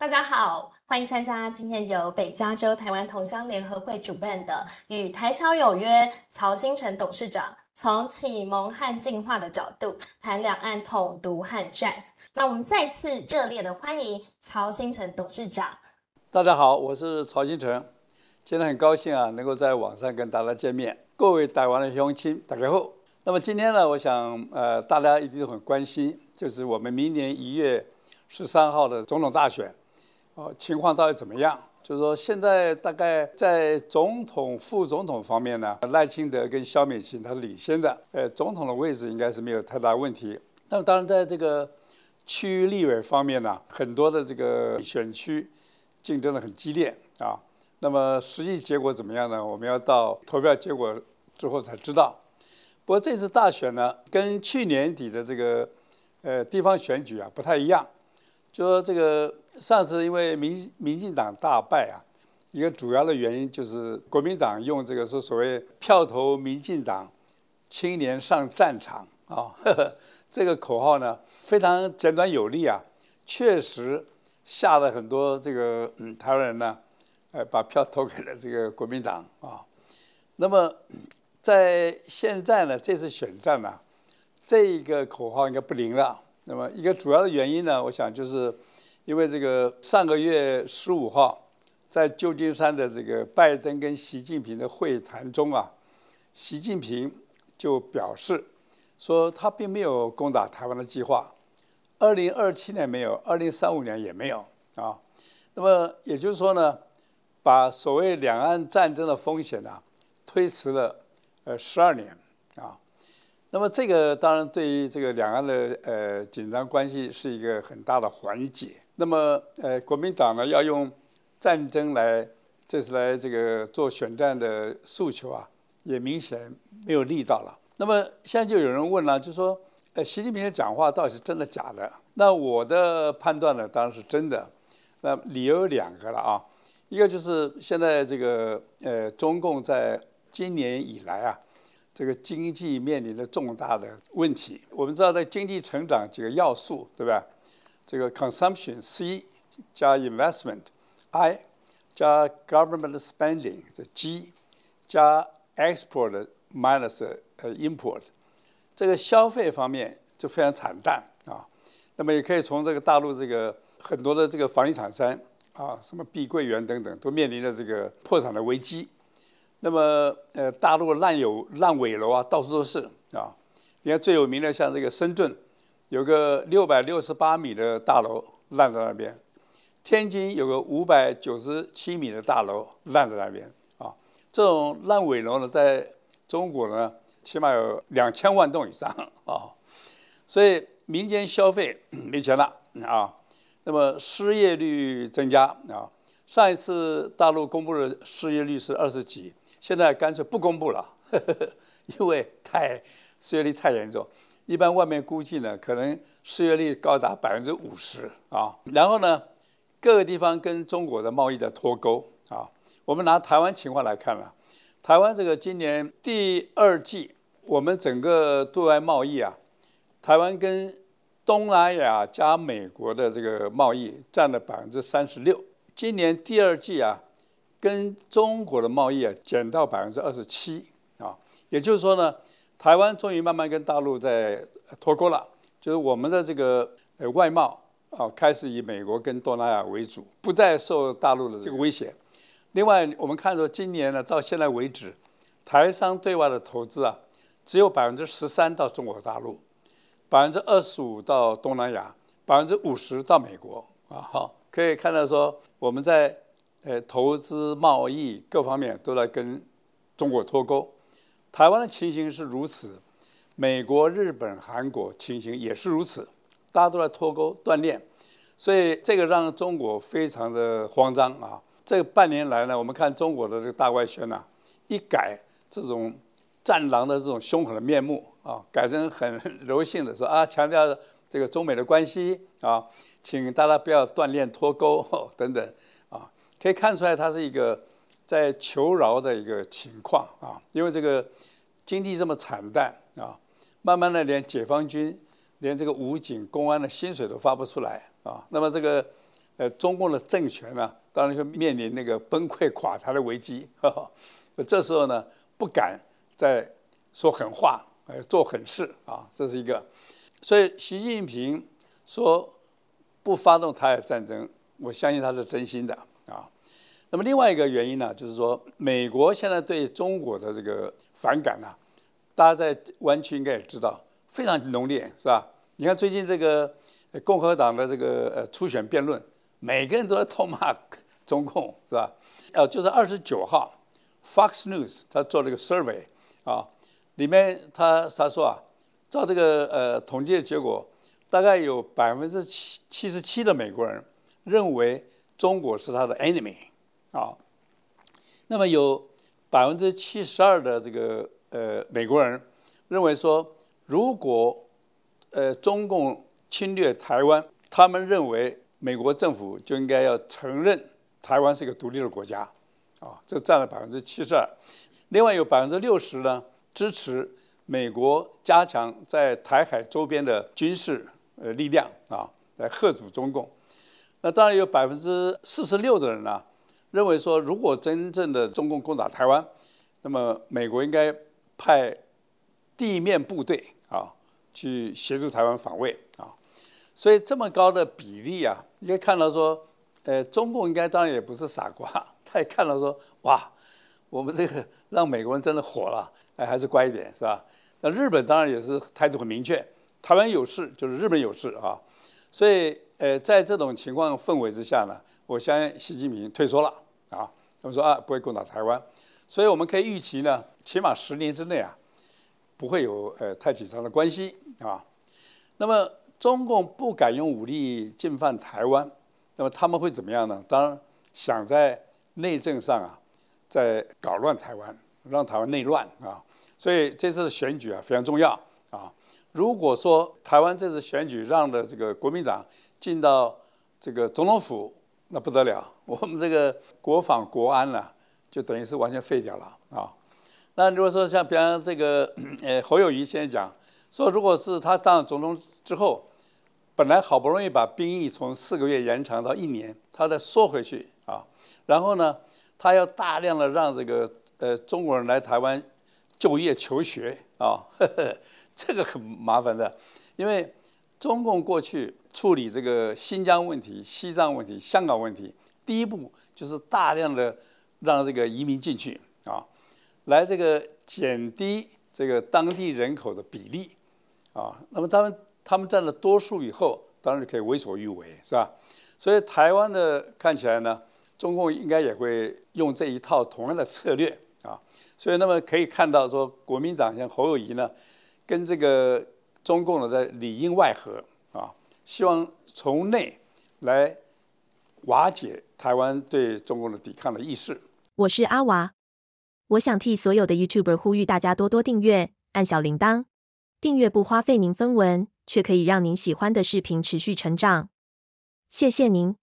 大家好，歡迎參加今天由北加州台灣同鄉聯合會主辦的“與台僑有約”。曹興誠董事長從啟蒙和進化的角度談兩岸統獨和戰。那我們再次熱烈的歡迎曹興誠董事長。大家好，我是曹興誠，今天很高興啊，能夠在網上跟大家見面，各位台灣的鄉親，大家好。那麼今天呢，我想呃，大家一定很關心，就是我們明年一月十三號的總統大選。情況到底怎麼樣？就是說，現在大概在總統、副總統方面呢，賴清德跟蕭美琴他是領先的。呃，總統的位置應該是沒有太大問題。那麼，當然在這個區域立委方面呢，很多的這個選區競爭的很激烈啊。那麼實際結果怎麼樣呢？我們要到投票結果之後才知道。不過這次大選呢，跟去年底的這個呃地方選舉啊不太一樣，就說這個。上次因為民民進黨大敗啊，一個主要的原因就是國民黨用這個說所謂“票投民進黨，青年上戰場”啊、哦呵呵，這個口號呢非常簡短有力啊，確實嚇了很多這個嗯台灣人呢，呃把票投給了這個國民黨啊、哦。那麼在現在呢這次選戰呢、啊，這一個口號應該不靈了。那麼一個主要的原因呢，我想就是。因為這個上個月十五號，在舊金山的這個拜登跟習近平的會談中啊，習近平就表示，說他並沒有攻打台灣的計劃，二零二七年沒有，二零三五年也沒有啊。那麼也就是說呢，把所謂兩岸戰爭的風險呢啊，推遲了呃十二年啊。那麼這個當然對於這個兩岸的呃緊張關係是一個很大的緩解。那麼，呃，國民黨呢要用戰爭來，這次來這個做選戰的訴求啊，也明顯沒有力道了。那麼現在就有人問了啊，就說，呃，習近平的講話到底是真的假的？那我的判斷呢，當然是真的。那理由有兩個了啊，一個就是現在這個，呃，中共在今年以來啊，這個經濟面臨的重大的問題。我們知道，在經濟成長幾個要素，對吧？這個 consumption C 加 investment I 加 government spending 這 G 加 export minus 呃 import，這個消費方面就非常慘淡啊。那麼也可以從這個大陸這個很多的這個房地產商啊，什麼碧桂園等等，都面臨着這個破產的危機。那麼呃，大陸爛有爛尾樓啊，到處都是啊。你看最有名的像這個深圳。有個六百六十八米的大樓爛在那邊，天津有個五百九十七米的大樓爛在那邊啊。這種爛尾樓呢，在中國呢，起碼有兩千萬棟以上啊。所以民間消費沒錢了啊，那麼失業率增加啊。上一次大陸公布的失業率是二十幾，現在乾脆不公布了，呵呵，因為太，失業率太嚴重。一般外面估計呢，可能失業率高達百分之五十啊。然後呢，各個地方跟中國的貿易在脫鈎啊。我們拿台灣情況來看了，台灣這個今年第二季，我們整個對外貿易啊，台灣跟東南亞加美國的這個貿易占了百分之三十六。今年第二季啊，跟中國的貿易啊減到百分之二十七啊，也就是說呢。台灣終於慢慢跟大陸在脫鈎了，就是我們的這個呃外貿啊，開始以美國跟東南亞為主，不再受大陸的這個威脅。另外，我們看到今年呢，到現在為止，台商對外的投資啊，只有百分之十三到中國大陸，百分之二十五到東南亞，百分之五十到美國啊，好，可以看到說我們在呃投資、貿易各方面都在跟中國脫鈎。台灣的情形，是如此。美國、日本、韓國情形也是如此，大家都在脫鈎斷鏈，所以這個讓中國非常的慌張啊。這半年來呢，我們看中國的這個大外宣吶、啊。一改這種戰狼的這種兇狠的面目啊，改成很柔性的說啊，強調這個中美的關係啊，請大家不要斷鏈脫鈎等等啊，可以看出來它是一個。在求饒的一個情況啊，因為這個經濟這麼慘淡啊，慢慢的連解放軍、連這個武警、公安的薪水都發不出來啊。那麼這個呃，中共的政權呢，當然就面臨那個崩潰垮台的危機啊。所以這時候呢，不敢再說狠話，呃做狠事啊，這是一個。所以習近平說不發動台海戰爭，我相信他是真心的啊。那麼另外一個原因呢、啊，就是說，美國現在對中國的這個反感呢、啊，大家在灣區應該也知道，非常濃烈，是吧？你看最近這個共和黨的這個呃初選辯論，每個人都在痛罵中共，是吧？呃，就是二十九號，Fox News 他做了一個 survey 啊，裡面他他說啊，照這個呃統計的結果，大概有百分之七七十七的美國人認為中國是他的 enemy。啊、哦，那麼有百分之七十二的這個呃美國人認為說，如果呃中共侵略台灣，他們認為美國政府就應該要承認台灣是一個獨立的國家啊、哦，這佔了百分之七十二。另外有百分之六十呢，支持美國加強在台海周邊的軍事呃力量啊、哦，來嚇阻中共。那當然有百分之四十六的人呢。認為說，如果真正的中共攻打台灣，那麼美國應該派地面部隊啊去協助台灣防衛啊。所以這麼高的比例啊，應該看到說，呃、哎，中共應該當然也不是傻瓜，他也看到說，哇，我們這個讓美國人真的火了，哎，還是乖一點是吧？那日本當然也是態度很明確，台灣有事就是日本有事啊。所以呃、哎，在這種情況氛圍之下呢。我相信習近平退縮了啊！他們說啊，不會攻打台灣，所以我們可以預期呢，起碼十年之內啊，不會有呃太緊張的關係啊。那麼中共不敢用武力進犯台灣，那麼他們會怎麼樣呢？當然想在內政上啊，在搞亂台灣，讓台灣內亂啊。所以這次選舉啊非常重要啊。如果說台灣這次選舉讓的這個國民黨進到這個總統府，那不得了，我們這個國防國安呢、啊，就等於是完全廢掉了啊、哦。那如果說像比方這個，呃，侯友宜先生講說，如果是他當了總統之後，本來好不容易把兵役從四個月延長到一年，他再縮回去啊、哦，然後呢，他要大量的讓這個呃中國人來台灣就業求學啊、哦，這個很麻煩的，因為。中共過去處理這個新疆問題、西藏問題、香港問題，第一步就是大量的讓這個移民進去啊，來這個減低這個當地人口的比例啊。那麼他們他們佔了多數以後，當然可以為所欲為，是吧？所以台灣的看起來呢，中共應該也會用這一套同樣的策略啊。所以那麼可以看到說，國民黨像侯友宜呢，跟這個。中共呢，在裡應外合啊，希望從內來瓦解台灣對中共的抵抗的意識。我是阿娃，我想替所有的 YouTuber 呼籲大家多多訂閱，按小鈴鐺，訂閱不花費您分文，卻可以讓您喜歡的視頻持續成長。謝謝您。